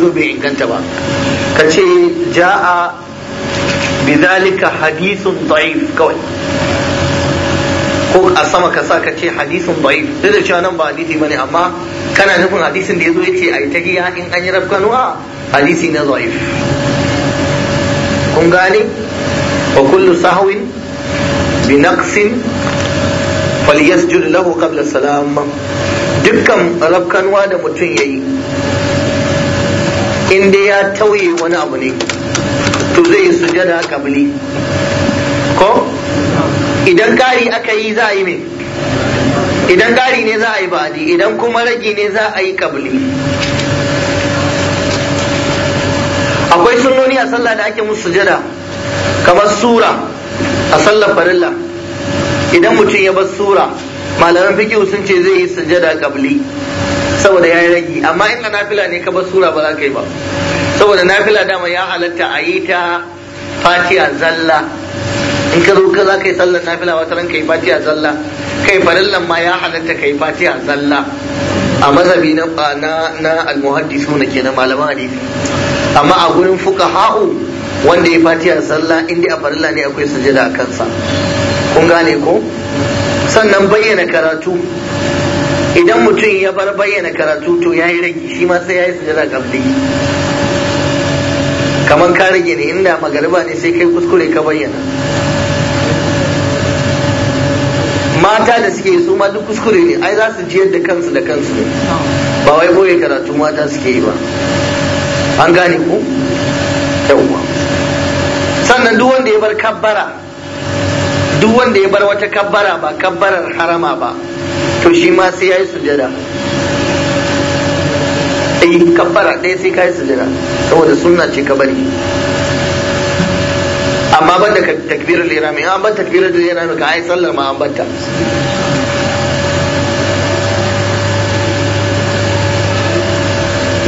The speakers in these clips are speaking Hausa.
uslub bai inganta ba ka ce ja'a bizalika hadisun da'if kawai ko a sama ka sa ka ce hadisun da'if duk da cewa nan ba hadisi bane amma kana nufin hadisin da yazo yace ai giya in an yi rafkanuwa hadisi na da'if kun gane wa kullu sahwin bi naqsin falyasjud lahu qabla salam dukkan rafkanuwa da mutum yayi in dai ya tauye wani abu ne to zai yi sujada kabili ko idan kari aka yi za a yi mai idan kari ne za a yi ba'adi idan kuma ragi ne za a yi kabili akwai sunnoni a sallah da ake musu sujada kamar sura a sallar farilla idan mutum ya bar sura malaman fikihu sun ce zai yi sujada kabli saboda ya yi ragi amma in na nafila ne ka bar sura ba za ka yi ba saboda nafila dama ya halatta a yi ta fatiha zalla in ka zo ka za ka yi sallar nafila wata ran ka yi fatiha zalla kai farillan ma ya halatta ka yi fatiha zalla a mazhabi na na almuhaddisu na kenan malaman hadisi amma a gurin fuqaha'u wanda ya fatiha zalla inda a farilla ne akwai sujada a kansa kun gane ko sannan bayyana karatu idan mutum ya bar bayyana karatu to ya yi rage shi ma sai ya yi sujada kabli kamar ka rage ne inda magariba ne sai kai kuskure ka bayyana mata da suke su ma duk kuskure ne ai za su ji da kansu da kansu ne ba wai boye karatu mata suke yi ba an gane ku yawwa sannan duk wanda ya bar kabbara duk wanda ya bar wata kabbara ba kabbarar harama ba to shi ma sai ya yi sujada eh kabbara ɗaya sai ka yi sujada saboda sunna ce ka bari amma ban da takbirar lera mai an ban takbirar lera mai ka yi sallar ma an banta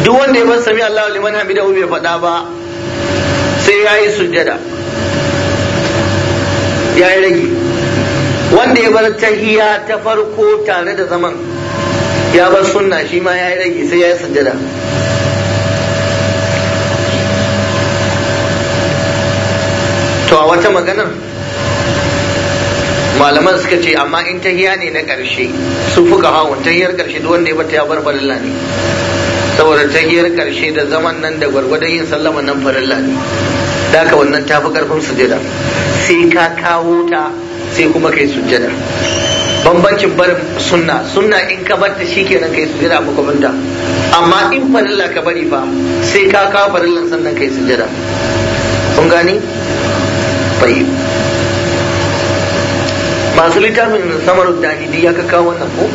duk wanda ya ban sami Allahu liman hamidahu bai faɗa ba sai ya yi sujada ya yi rage wanda ya bar tahiya ta farko tare da zaman ya bar sunna shi ma ya yi rage sai ya yi sujjada to a wata maganar malaman suka ce amma in tahiya ne na ƙarshe su fuka hawon tahiyar ƙarshe duk wanda ya bar ya bar farilla ne saboda tahiyar ƙarshe da zaman nan da gwargwadon yin sallama nan farilla ne da ka wannan tafi ƙarfin sujada sai ka kawo ta sai kuma kai sujjada bambancin barin sunna sunna in ka ta shikenan kai sujjada ko ka banta amma in farilla ka bari fa sai ka kawo farillan sannan kai sujjada kun gani tayyib masu littafin samarun dahidi ya kaka wannan ko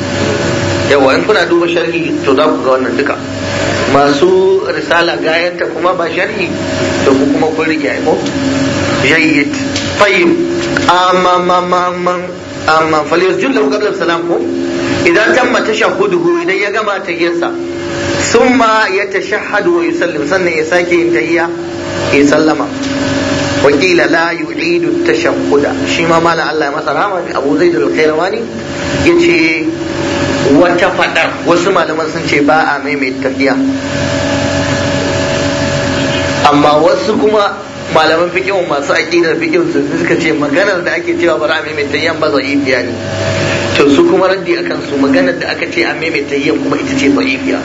yawa in kuna duba sharhi to za ku ga wannan duka masu risala gayanta kuma ba sharhi to ku kuma kun rike aiko jayyid tayyib amma amma amma falyasjud lahu qabla salam ko idan tamma tashahhuduhu idan ya gama tayyarsa summa yatashahhadu wa yusallim sannan ya sake yin tayya ya sallama وقيل لا يعيد التشهد شي ما ne الله مثلا رحمه ابو زيد الخيرواني yace wata fadar wasu malaman sun ce ba a maimaita tafiya amma wasu kuma malaman fikin masu aqidar fikin sun suka ce maganar da ake cewa bara mai tayyan ba zaifiya ne to su kuma raddi akan su maganar da aka ce a mai tayyan kuma ita ce zaifiya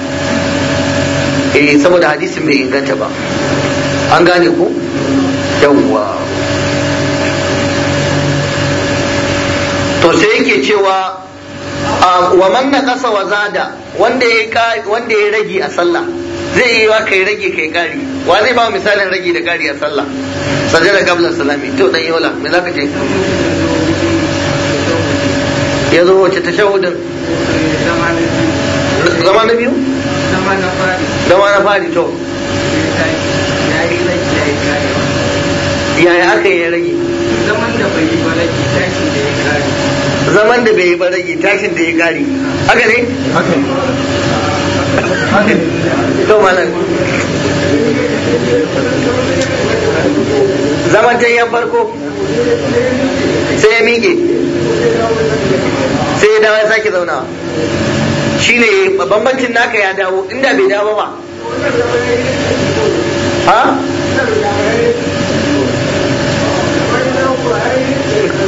eh saboda hadisin bai inganta ba an gane ku yawwa to sai yake cewa ah, wa man naqasa wa zada wanda ya wanda ya rage a sallah zai yi wa kai rage kai gari, wa zai ba misalin rage da gari a sallah sajada gabla salami to dan yola me zaka ce ya zo wace tashahudin zama na biyu zama na fari fari to yaya aka yi rage zaman da bai yi ba rage tashin da ya gari. zaman da bai yi ba rage tashin da ya gari haka ne to zaman ta yan farko sai ya miƙe sai ya dawo ya sake zaunawa ne bambancin naka ya dawo inda bai dawo ba ha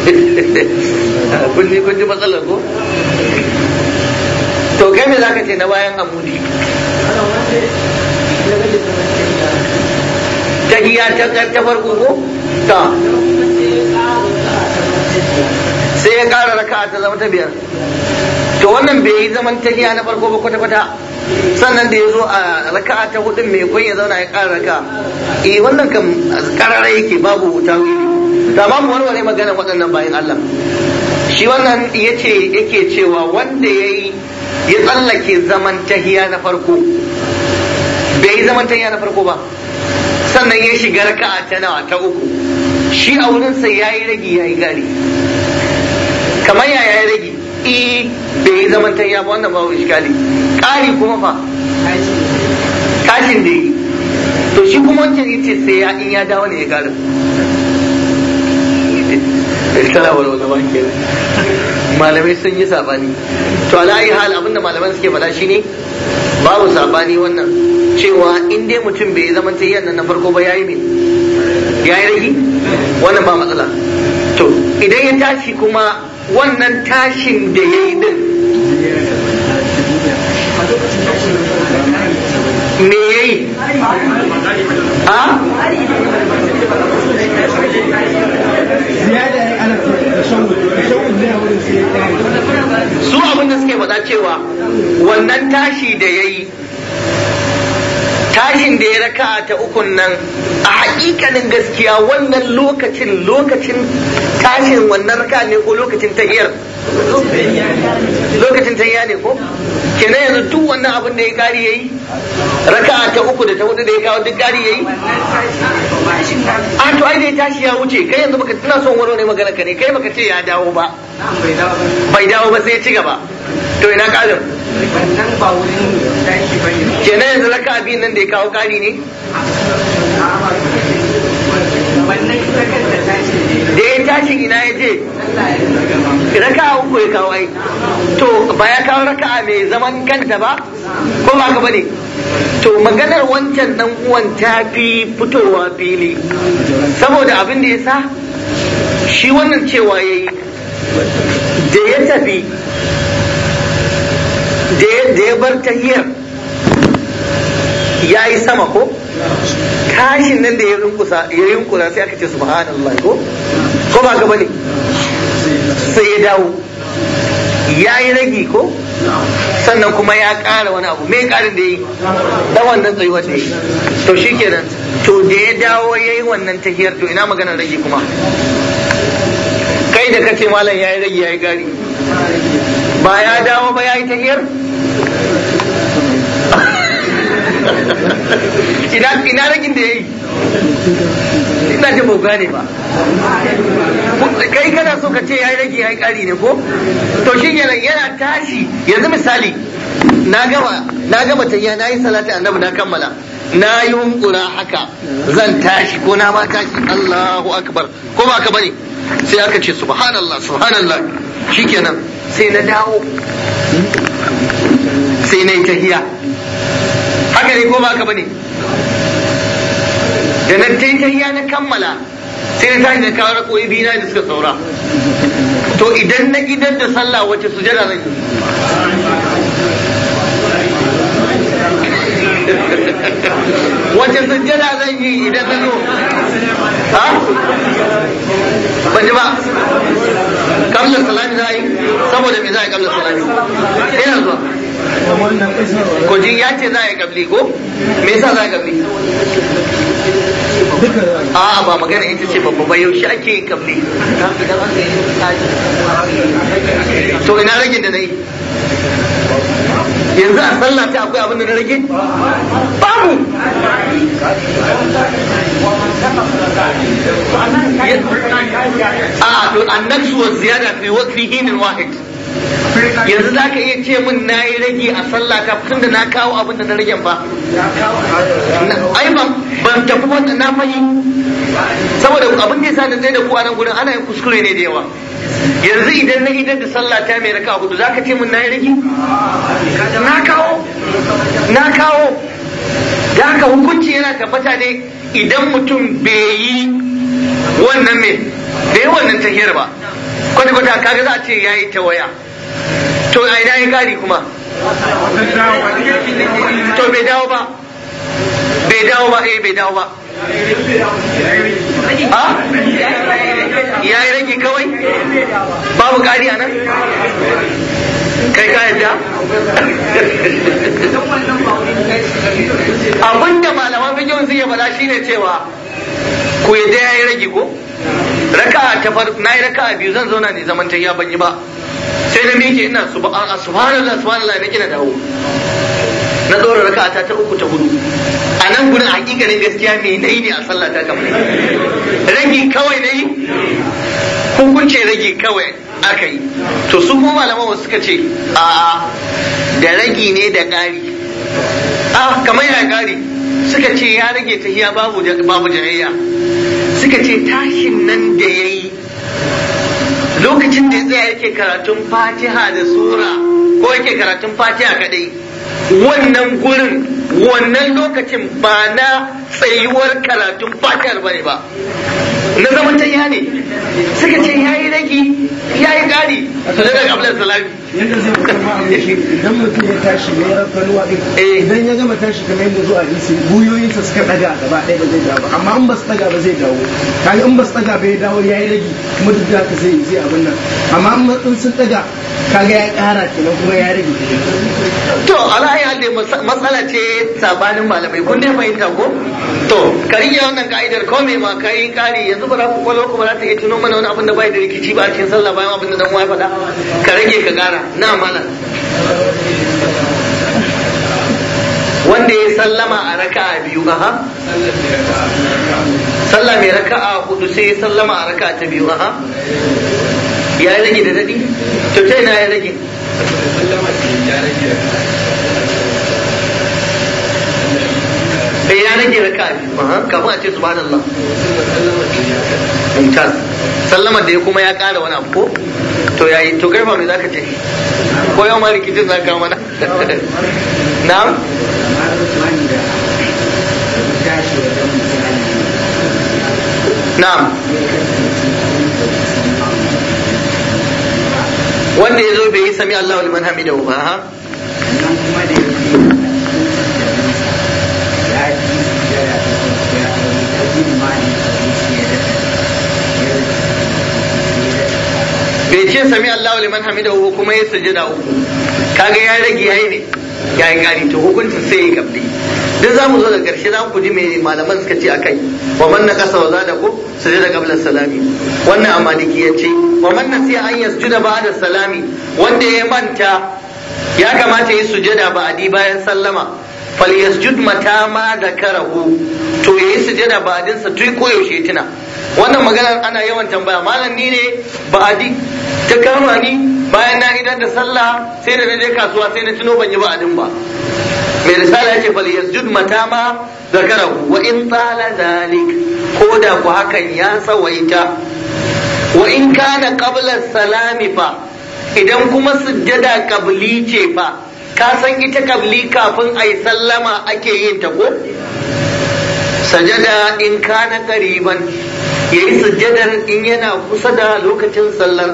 kun ji matsalar ko to kai me zaka ce na bayan ne? ta giya ta ta farko ko ta sai ya kara raka ta zama ta biyar to wannan bai yi zaman ta giya na farko ba kwata kwata sannan da ya zo a raka ta hudun mai kwan ya zauna ya kara raka eh wannan kam karara yake babu wuta wili da babu warware magana waɗannan bayan Allah shi wannan yace yake cewa wanda yayi ya tsallake zaman tahiya na farko bai zaman tahiya na farko ba sannan ya shiga raka ta nawa ta uku shi a wurin sa yayi ragi yayi gari kamar ya yayi ragi e bai zaman tahiya ba wannan babu iskali kari kuma fa kashin da yi to shi kuma wancan yace sai ya in ya dawo ne ya gari malamai sun yi sabani to ala ayi hal abinda malaman suke faɗa ne babu sabani wannan cewa in dai mutum bai zama yi nan na farko ba yayi ne yayi wannan ba matsala to idan ya tashi kuma wannan tashin da yayi din tashi da ya yi, tashin da ya a ta ukun nan a hakikanin gaskiya wannan lokacin lokacin tashin wannan raka ne ko lokacin tahiyar lokacin tahiya ne ko kenan yanzu duk wannan abin da ya kari yayi a ta uku da ta hudu da ya kawo duk kari yayi a to ai dai tashi ya wuce kai yanzu baka tuna son wani ne magana ka ne kai baka ce ya dawo ba bai dawo ba sai ya ci gaba to ina karin wannan ba wurin tashi ba ne kenan yanzu raka abin nan da ya kawo kari ne wannan da tashi da ya tashi ina ya je raka uku ya kawo ai to ba ya kawo raka mai zaman kanta ba ko ba ka bane to maganar wancan dan uwan ta fi fitowa fili saboda abin da ya sa shi wannan cewa ya yi. da ya tafi da ya bar tahiyar ya yi sama ko kashin nan da ya rinkusa sai aka ce subhanallah ko ko ba ka bane sai ya dawo ya yi ragi ko sannan kuma ya ƙara wani abu me ƙarin da yi dan wannan tsayuwa ta yi to shi nan, to da ya dawo ya yi wannan tahiyar to ina maganar ragi kuma kai da kace malam ya yi ragi ya yi gari ba ya dawo ba ya yi tahiyar ina ina ragin da yayi ina da boga ne ba kai kana so ka ce yayi rage yayi kari ne ko to shi yana yana tashi yanzu misali na gaba na gaba tayya na yi salati annabi na kammala na yi hunkura haka zan tashi ko na ma tashi Allahu akbar ko ba ka bane sai aka ce subhanallah subhanallah shikenan sai na dawo sai na yi tahiya haka ne ko baka bane da na ya na kammala sai na tashi da kawo rakoyi biyu na da suka saura to idan na gidan da sallah wace sujada zan yi wace jada zan yi idan na zo ha ban ba kamlar salami za a yi saboda me za a yi kamlar salami ina zuwa ko jin ya ce za a yi kabli ko me yasa za a kabli a ba magana ita ce babba ba yaushe ake yi kabli to ina ragin da na yanzu a sallah ta akwai abin da na rage babu a to annaksu ziyada fi hinin wahid yanzu za ka iya ce min na yi rage a sallah ta tun da na kawo abin da na rage ba ai ban ban tafi wanda na fayi saboda abin da yasa da zai da ku a nan gudun ana yin kuskure ne da yawa yanzu idan na idan da sallah ta mai raka hudu za ka ce min na yi rage na kawo na kawo da haka hukunci yana tabbata ne idan mutum bai yi wannan mai bai wannan tahiyar ba kwata-kwata kaga za a ce ya yi ta waya to a ina ya kari kuma to bai dawo ba bai dawo ba eh bai dawo ba a ya yi rage kawai babu kari a nan kai ka yadda abinda malaman fikin zai faɗa shine cewa ku yadda ya yi rage ko raka ta farko na yi raka biyu zan zauna ne zaman ta ya yi ba sai da miki ina subhanallah subhanallah na dawo na ɗora raka ta ta uku ta hudu a nan gudun hakika ne gaskiya me nayi ne a sallah ta kamar rage kawai nayi hukunce rage kawai aka yi to su kuma malaman wasu suka ce a da ragi ne da ƙari a kamar ya ƙari suka ce ya rage ta babu babu jayayya suka ce tashin nan da yayi lokacin da ya tsaya yake karatun fatiha da sura ko yake karatun fatiha kadai wannan gurin wannan lokacin ba na tsayuwar karatun fatiyar bane ba na zaman ya ne suka ce ya yi ragi ya yi ƙari daga kablar salami yadda zai kuma abu shi idan mutum ya tashi ya rafalwa eh. idan ya gama tashi kamar yadda zuwa hadisi buyoyinsa suka daga gaba ɗaya ba zai dawo ba amma in ba su daga ba zai dawo kaga in ba su daga ba ya dawo ya yi ragi kuma duk da haka zai zai abin nan amma in sun daga kaga ya kara kenan kuma ya rage to ala ya dai matsala ce sabanin malamai kun dai ta ko to kari ya wannan ka'idar ko me ma kai kari yanzu ba za ku kwalwa kuma za ta iya tuno mana wani abin da bai da rikici ba cikin sallah bayan abin da dan uwa faɗa ka rage ka kara na malam wanda ya sallama a raka'a biyu aha sallah mai raka'a hudu sai ya sallama a raka'a ta biyu aha ya rage da dadi to ta yana ya rage eh, ya rage raka biyu kafin a ce subhanallah mumtaz sallama da ya kuma ya kara wani abu ko to yayi to kai fa me zaka je ko yau ma rikicin zaka mana na'am na'am wanda ya zo bai yi sami wani manhami da ba ha bai ce sami manhami da hamidahu kuma ya sujada uku kaga ya rage yi ne ya yi gani to hukuncin sai ya gabdi duk za mu zo da karshe za ku ji mai malaman suka ce akai wa man kasa wa da ku da qabla salami wannan a malikiyance wa man nasiya an yasjuda ba'da salami wanda ya manta ya kamata ya yi sujada ba'di bayan sallama falyasjud mata ma da karahu to yayi sujada ba'din sa tun koyaushe tuna wannan maganar ana yawan tambaya malam ni ne ba'di ta kama ni bayan na idan da sallah sai da je kasuwa sai na tuno ban yi ba'din ba mai risala yace falyasjud mata ma zakarahu wa in tala zalik ko da ku hakan ya tsawaita wa in kana qabla salami fa idan kuma sujjada kabli ce fa ka san ita kabli kafin ayi sallama ake yin ta ko sajada in kana qariban yayi sujjadar in yana kusa da lokacin sallar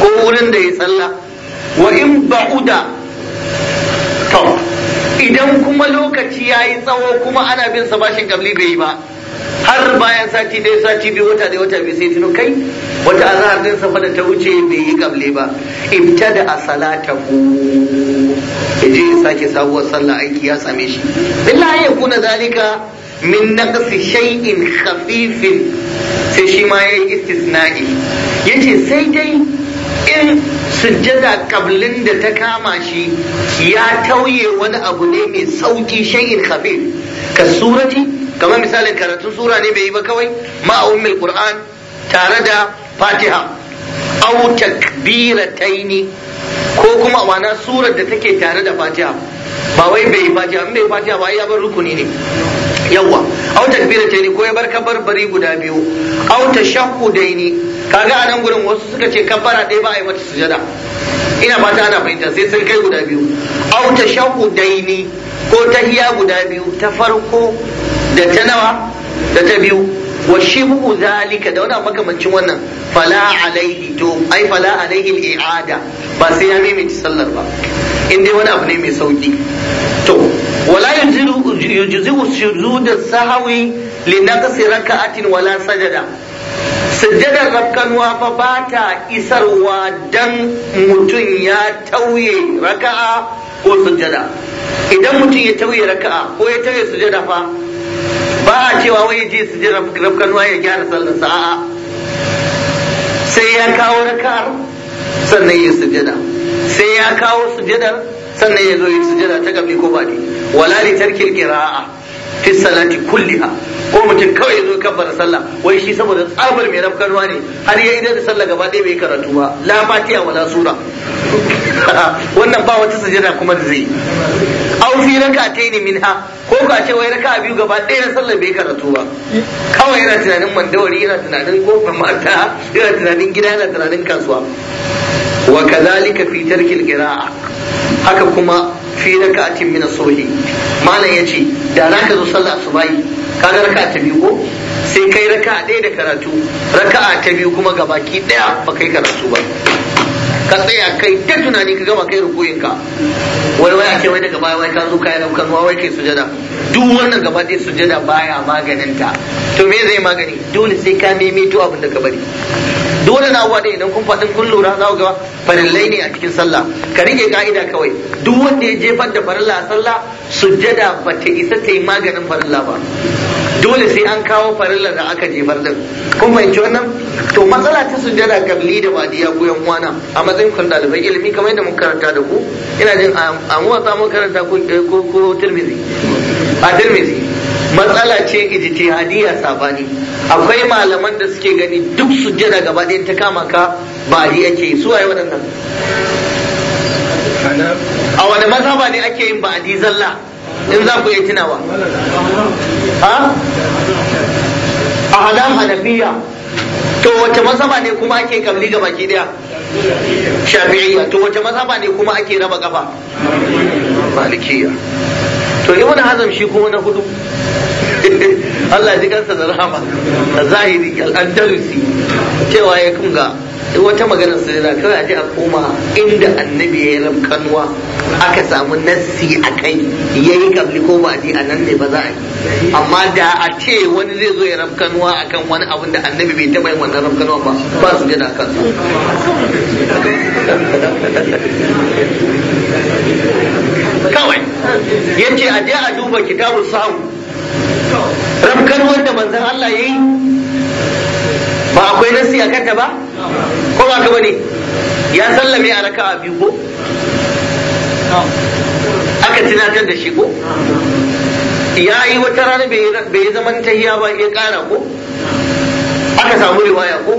ko wurin da ya salla wa in ba'uda to idan kuma lokaci yayi tsawo kuma ana bin sa bashin kabli bai ba har bayan sati ɗaya sati biyu wata ɗaya wata biyu sai tuno kai wata azahar din safa da ta wuce bai yi kable ba ibtada a salata ku yaje ya sake sabuwar sallah aiki ya same shi billahi ya kuna zalika min naqsi shay'in khafifin sai shi ma yayi istisna'i yace sai dai in sujjada kablin da ta kama shi ya tauye wani abu ne mai sauki shay'in khafif ka surati kamar misalin karatun sura ne bai yi ba kawai ma'a ummul qur'an tare da fatiha au takbirataini ko kuma ma'ana surar da take tare da fatiha ba wai bai fatiha bai fatiha ba ya bar rukuni ne yawa au takbirataini ko ya bar kabarbari guda biyu au tashahhudaini kaga a nan gurin wasu suka ce kafara ɗaya ba a yi mata sujada ina fata ana fahimta sai sun kai guda biyu au tashahhudaini ko tahiya guda biyu ta farko da ta nawa da ta biyu wa shibhu zalika da wani makamancin wannan fala alaihi to ai fala alaihi i'ada ba sai ya maimaita sallar ba in dai wani abu ne mai sauki to wala yujiru yujizu sujud sahawi li raka'atin wala sajada sujjadar rakanwa fa ba ta isarwa dan mutum ya tauye raka'a ko sujjada idan mutum ya tauye raka'a ko ya tauye sujjada fa ba a cewa wai je su je rafkanuwa ya gyara sallar a'a sai ya kawo kar sannan ya sujada sai ya kawo sujadar sannan ya zo ya sujada ta gabi ko ba ne wala li tarkil qira'a fi salati kulliha ko mutum kawai ya zo kabbar sallah wai shi saboda tsabar mai rafkanuwa ne har ya idan da sallah gaba ɗaya bai karatu ba la fatiha wala sura wannan ba wata sujada kuma da zai au fi raka'atayn minha ko ce wai raka biyu gaba ɗaya na sallar bai karatu ba kawai yana tunanin mandawari yana tunanin kofar mata yana tunanin gida yana tunanin kasuwa wa kazalika fi tarkil qira'a haka kuma fi raka'atin min as-subhi malam yace da zaka zo sallar ka kaga raka'a ta biyu ko sai kai raka'a ɗaya da karatu raka'a ta biyu kuma gabaki ɗaya ba kai karatu ba ka tsaya kai ta tunani ka gama kai rukuyin ka wai wai ake wai daga baya wai ka zo kai rauka ruwa wai kai sujada duk wannan gaba ɗaya sujada baya maganin ta to me zai magani dole sai ka maimaito abin da ka bari duk na na ne idan kun fadin kun lura za ku ga farillai ne a cikin sallah ka rike ka'ida kawai duk wanda ya jefar da farilla a sallah sujjada ba ta isa ta yi maganin farilla ba dole sai an kawo farilla da aka jefar din kun fahimci wannan to matsala ta sujjada kabli da badiya goyon wana a matsayin kun dalibai ilimi kamar yadda mun karanta da ku ina jin a wasa mun karanta ko eh, ko tirmizi a tirmizi matsala ce ijtihadiyya sabani akwai malaman da suke gani duk jira gaba ɗaya ta kama ka ba a ake su waye waɗannan a wani mazhaba ne ake yin ba'adi zalla in za ku iya tunawa ha a hadan hanafiya to wace mazhaba ne kuma ake kamli ga baki daya shafi'iyya to wace mazhaba ne kuma ake raba kafa malikiyya to ibn hazm shi kuma na hudu Allah ya ji kansa da rahama zahiri al-andalusi cewa ya kunga duk wata maganar sujada kawai a je a koma inda annabi ya yi kanuwa aka samu nassi a kai ya yi kabli ko ba a nan ne ba za a yi amma da a ce wani zai zo ya rafkanuwa a kan wani abin da annabi bai taɓa yin wannan rafkanuwa ba ba su jada kan kawai yace a je a duba kitabun sahu rafkanuwar da manzon Allah ya yi ba akwai nasi a kanta ba ko ba ka bane ya sallame a a biyu ko aka tunatar da shi ko ya yi wata rana bai yi zaman tahiya ba ya kara ko aka samu riwaya ko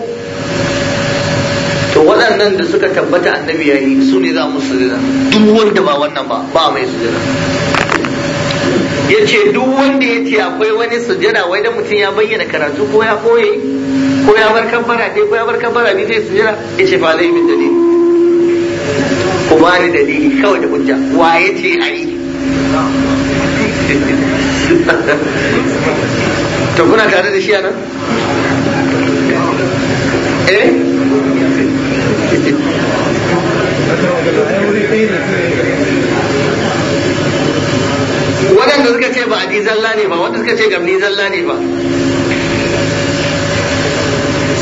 to waɗannan da suka tabbata annabi ya yi su ne za mu sujada duk wanda ba wannan ba ba mai sujada ya ce duk wanda ya ce akwai wani sujada wai da mutum ya bayyana karatu ko ya koye ko ya bar kabbara dai ko ya bar kabbara bi zai sujira ya ce fa alai min dalili ko ba ni dalili kawai da hujja wa ya ce ai to kuna tare da shi anan eh waɗanda suka ce ba a zalla ne ba waɗanda suka ce gamni zalla ne ba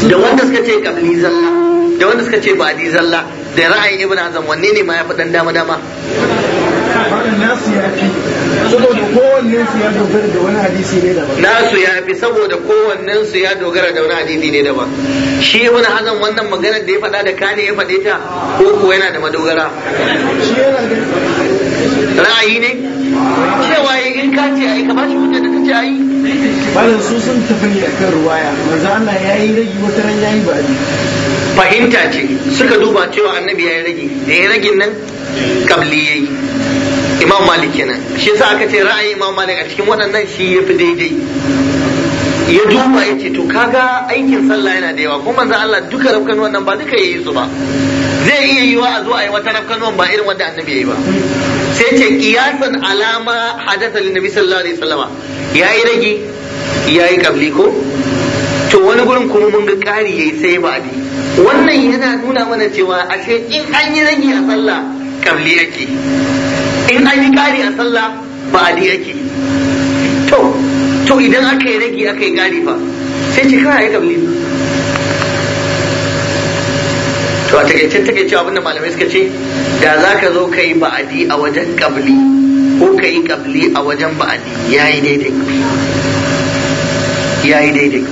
da wanda suka ce kabli zalla da wanda suka ce ba'di zalla da ra'ayin ibn azam wanne ne ma ya faɗan dama dama nasu ya fi saboda kowannen su ya dogara da wani hadisi ne daban nasu ya fi saboda kowannen su ya dogara da wani hadisi ne daban shi ibn azam wannan maganar da ya faɗa da kane ya faɗe ta ko kuwa yana da madogara ra'ayi ne cewa in ka ce ai ka bashi hujja da kace ai malam su sun tafi ne akan ruwaya manzo Allah yi rage wata ran yayi ba fahimta ce suka duba cewa annabi ya yi rage da ya ragin nan kabli yayi imam malik kenan shi yasa aka ce ra'ayi imam malik a cikin waɗannan shi yafi daidai ya duba ya ce to kaga aikin sallah yana da yawa kuma manzo Allah duka rafkan wannan ba duka yayi su ba zai iya yiwa a zo a yi wata wannan ba irin wanda annabi yayi ba sai ce kiyasan alama hadasa lin nabi sallallahu alaihi wasallama ragi ya yi kabli ko to wani gurin kuma mun ga kari yayi sai ba di. wannan yana nuna mana cewa ashe in an yi ragi a sallah kabli yake in an yi kari a sallah ba a yake to to idan aka yi ragi aka yi kari fa sai ce ya yi kabli a takaice takaice abin da malamai suka ce da za ka zo ka yi ba'adi a wajen kabli ko ka yi kabli a wajen ba'adi ya yi daidai ya yi daidai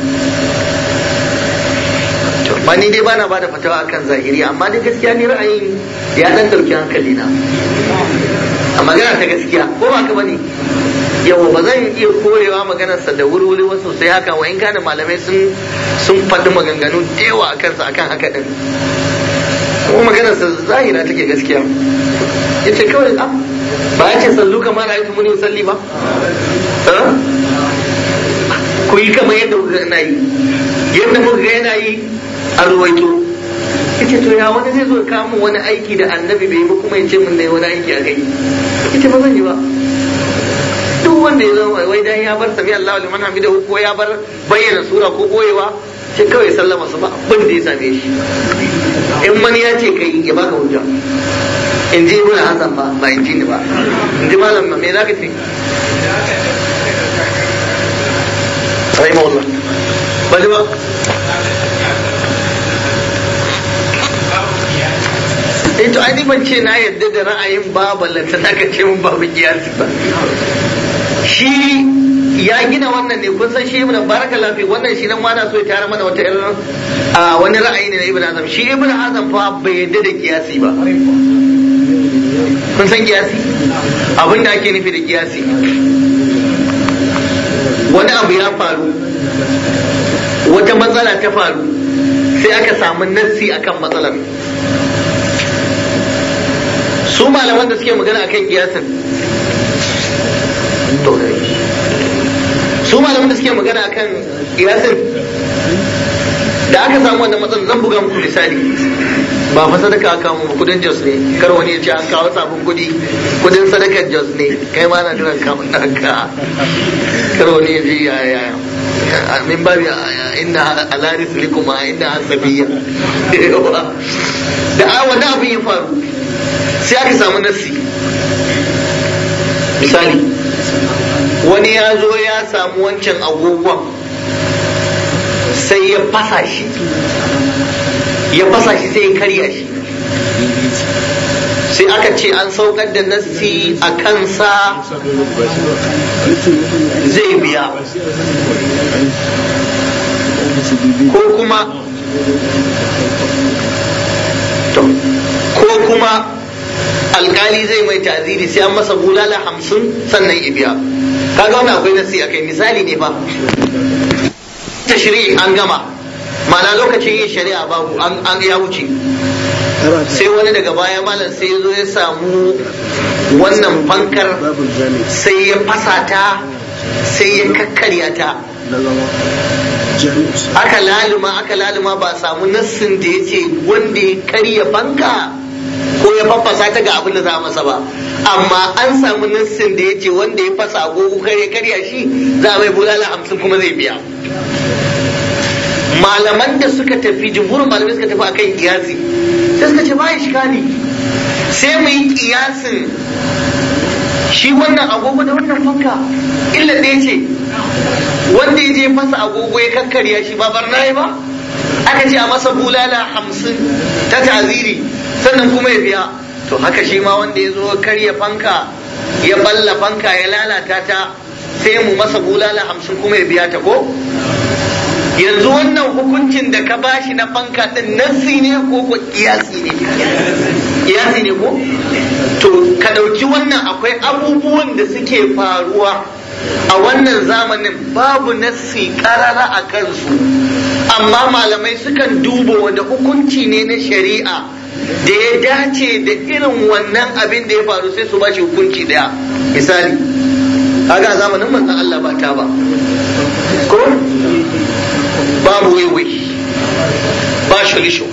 ba ni dai bana bada fatawa akan zahiri amma dai gaskiya ni ra'ayin ya dan dauki hankali na a magana ta gaskiya ko ba ka bane yawa ba zan iya korewa maganarsa da wurwuri wasu sai haka wa in kana malamai sun sun faɗi maganganu da yawa akan sa akan haka din kuma sa zahira take gaskiya ya ce kawai a ah, ba ya ce sallu kamar ra'aytu muni salli ba ku yi kamar yadda kuka na yi yadda kuka ga yana yi a ruwaito yace to ya wani zai zo kawo wani aiki da annabi bai yi ba kuma yace mun dai wani aiki a kai yace ba zan yi ba duk wanda ya zo wai dan ya bar sami Allahu liman hamidahu ko ya bar bayyana sura ko boyewa sai kawai sallama su ba abin da ya same shi in wani ya ce kai ya baka hujja in je muna hasan ba ba in ji ni ba in ji malam ba me zaka ce sai rahimahullah ba ji ba eh to ai ban ce na yadda da ra'ayin babu lantarki ka ce mun babu kiyasi ba shi ya gina wannan ne kun san shi ibn baraka lafi wannan shi nan ma na so ya tare mana wata irin wani ra'ayi ne na ibn azam shi ibn azam fa bai yadda da kiyasi ba kun san kiyasi abin da ake nufi da kiyasi wani abu ya faru wata matsala ta faru sai aka samu nassi akan matsalar su malaman da suke magana akan kiyasin to su ma da suke magana kan kiyasin da aka samu wannan matsalar zan buga muku misali ba fa sadaka aka mu kudin jos ne kar wani ya ce an kawo sabon kudi kudin sadaka jos ne kai ma na jiran ka mun kar wani ya ji ya ya min babi inna alaris likuma inna asabiya da a wannan abin ya faru sai aka samu nasi misali wani ya zo ya samu wancan agogon sai ya fasa shi ya fasa shi sai ya karya shi sai aka ce an saukar da nassi a kansa zai biya ko kuma ko kuma alkali zai mai taziri sai an masa bulala hamsin sannan ibiya kaga wani akwai nasi akai misali ne fa tashri'i an gama ma'ana lokacin yin shari'a babu an ya wuce sai wani daga baya malam sai ya zo ya samu wannan fankar sai ya fasa ta sai ya kakkarya ta aka laluma aka laluma ba samu nassin da ya ce wanda ya karya fanka ko ya faffasa ta ga abin da za masa ba amma an samu nassin da ya ce wanda ya fasa agogo kare karya shi za a mai bulala hamsin kuma zai biya malaman da suka tafi jumhurin malamai suka tafi akan kiyasi sai suka ce ba shikali sai mu yi kiyasin shi wannan agogo da wannan fanka illa ɗaya ce wanda ya je fasa agogo ya kakkarya shi ba barna ba aka ce a masa bulala hamsin ta taziri sannan kuma ya biya to haka shi ma wanda ya zo karya fanka ya balla fanka ya lalata ta sai mu masa bulala hamsin kuma ya biya ta ko yanzu wannan hukuncin da ka bashi na fanka din nassi ne ko ko kiyasi ne kiyasi ne ko to ka dauki wannan akwai abubuwan da suke faruwa a wannan zamanin babu nassi karara a kansu amma malamai sukan duba wanda hukunci ne na shari'a da ya dace da irin wannan abin da ya faru sai su ba shi hukunci daya misali kaga zamanin manzon Allah ba ta ba ko babu waiwai ba shirisho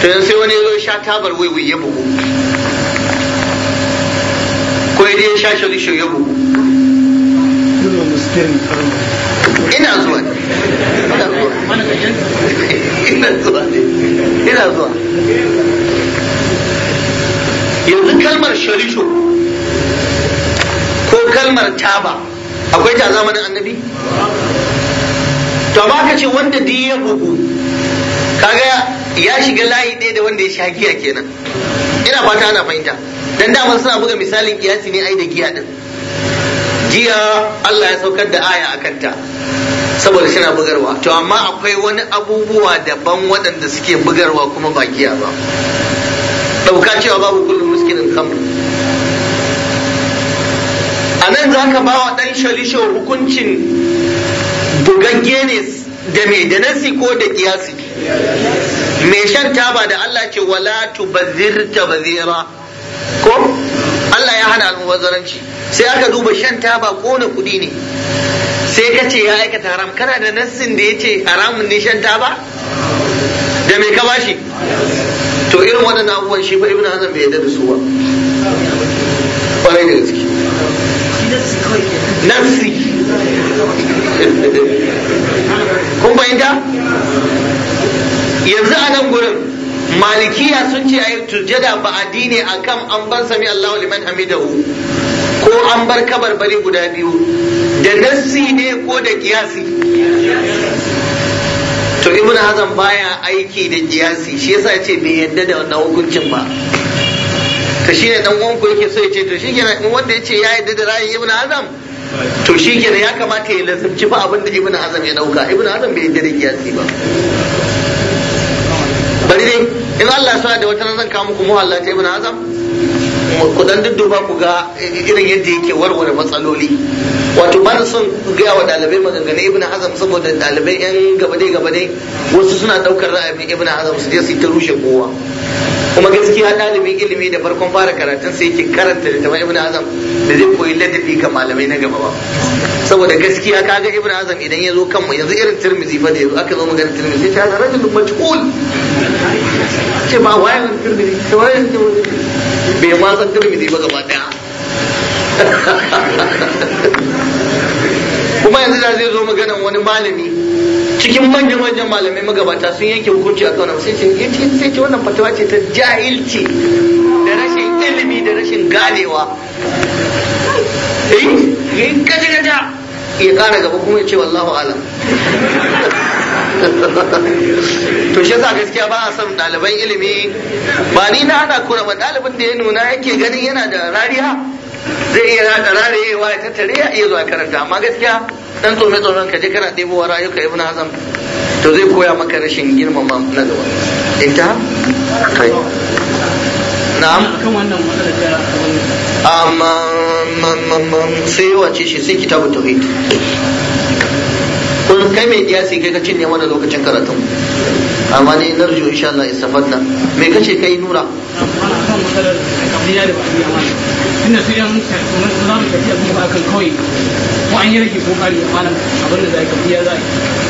to yanzu sai wani ya sha tabar waiwai ya bugu ko ya sha shirisho ya bugu ina zuwa ina zuwa ina zuwa yanzu kalmar sharisho ko kalmar taba akwai ta zamanin annabi to ba ka ce wanda duk ya bugu kaga ya shiga layi ɗaya da wanda ya sha giya kenan ina fata ana fahimta dan daman suna buga misalin kiyasi ne ai da giya din Jiya Allah ya saukar da aya a kanta saboda shi bugarwa to amma akwai wani abubuwa daban waɗanda suke bugarwa kuma ba giya ba ɗauka cewa babu kullum muskinin kamar a nan za ka ba wa ɗan shalisho hukuncin bugagge ne da mai da nasi ko da kiyasi mai shan taba da Allah ce wala tubazir bazira ko Allah ya hana almubazzaranci sai aka duba shan taba kona kudi ne sai ka ce ya aikata haram kana da nassin da ya ce haramun ne shan taba da me ka bashi to irin waɗannan abubuwan shi fa ibn hazan bai yarda da su ba kwarai da gaske nassi kun fahimta yanzu a nan gurin malikiya sun ce a yi tujada ba a kan an ban sami Allahu liman hamidahu ko an bar kabarbari guda biyu da nassi ne ko da kiyasi to ibn hazan baya aiki da kiyasi shi yasa ce bai yadda da wannan hukuncin ba Ka shi ne dan ku yake so ya ce to shi ke in wanda ya ce ya yadda da ra'ayin ibn hazan to shi shikenan ya kamata ya lazimci fa abin da ibn hazan ya dauka ibn hazan bai yadda da kiyasi ba bari dai in Allah ya sa da wata zan kawo muku muhallata ta ibn hazan ku dan dudduba ku ga irin yadda yake warware matsaloli wato ba na son gaya wa dalibai maganganun ibn hazam saboda dalibai yan gabade gabade wasu suna daukar ra'ayin ibn hazam su je su ta rushe kowa kuma gaskiya dalibin ilimi da farkon fara karatun sai yake karanta da ibn hazam da zai koyi ladabi ga malamai na gaba ba saboda gaskiya kaga ibn hazam idan ya zo kanmu yanzu irin tirmizi fa da yanzu aka zo maganar tirmizi ta rajulun majhul ce ba wayan tirmizi ta wayan bai ma san zai ba gaba daya kuma yanzu da zai zo magana wani malami cikin manya-manyan malamai magabata sun yanke hukunci a kauna sai ce sai ce wannan fatawa ce ta jahilci da rashin ilimi da rashin galewa eh gaji gaja ya kara gaba kuma ya ce wallahu alam to shi yasa gaskiya ba a son ɗaliban ilimi ba ni na ana kura ba ɗalibin da ya nuna yake ganin yana da rariya zai iya da rariyewa ya tattare ya iya zuwa karanta amma gaskiya dan tsome tsomen ka je kana ɗebowa rayuka ibn azam to zai koya maka rashin girmama na gaba ita kai na'am kan wannan matsalar amma sai wace shi sai kitabu tauhid kai mai kiyasi kai ka cinye mana lokacin karatun amma ne rujo insha Allah istafadna me kace kai nura inda a kuma akan ko an yi rage kokari malam za ka biya za a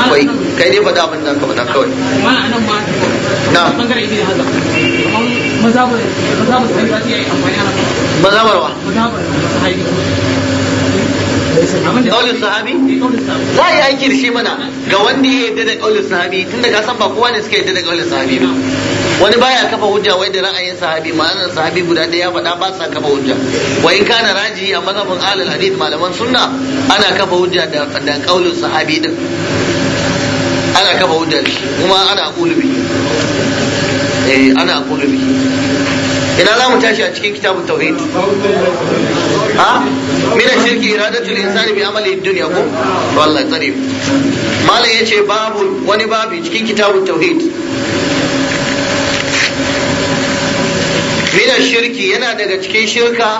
akwai kai ne faɗa abin nan ka faɗa kawai na bangare ne haka mazabar mazabar sai ba ta yi amfani ana mazabar wa mazabar sahabi eh, kaulin sahabi za a yi aiki da shi mana ga wanda ya yarda da kaulin sahabi tun ka san ba kowa ne suka yarda da kaulin sahabi ba wani baya kafa hujja wai da ra'ayin sahabi ma'anar sahabi guda ɗaya faɗa ba sa kafa hujja wa in kana raji a mazhabin alal hadith malaman sunna ana kafa hujja da kaulin sahabi din ana kafa hujjar shi kuma ana kulubi eh ana kulubi ina za mu tashi a cikin kitabun tauhid ha mina shirki iradatul insani bi amali dunya ko wallahi Allah malai yace babu wani babu cikin kitabun tauhid mina shirki yana daga cikin shirka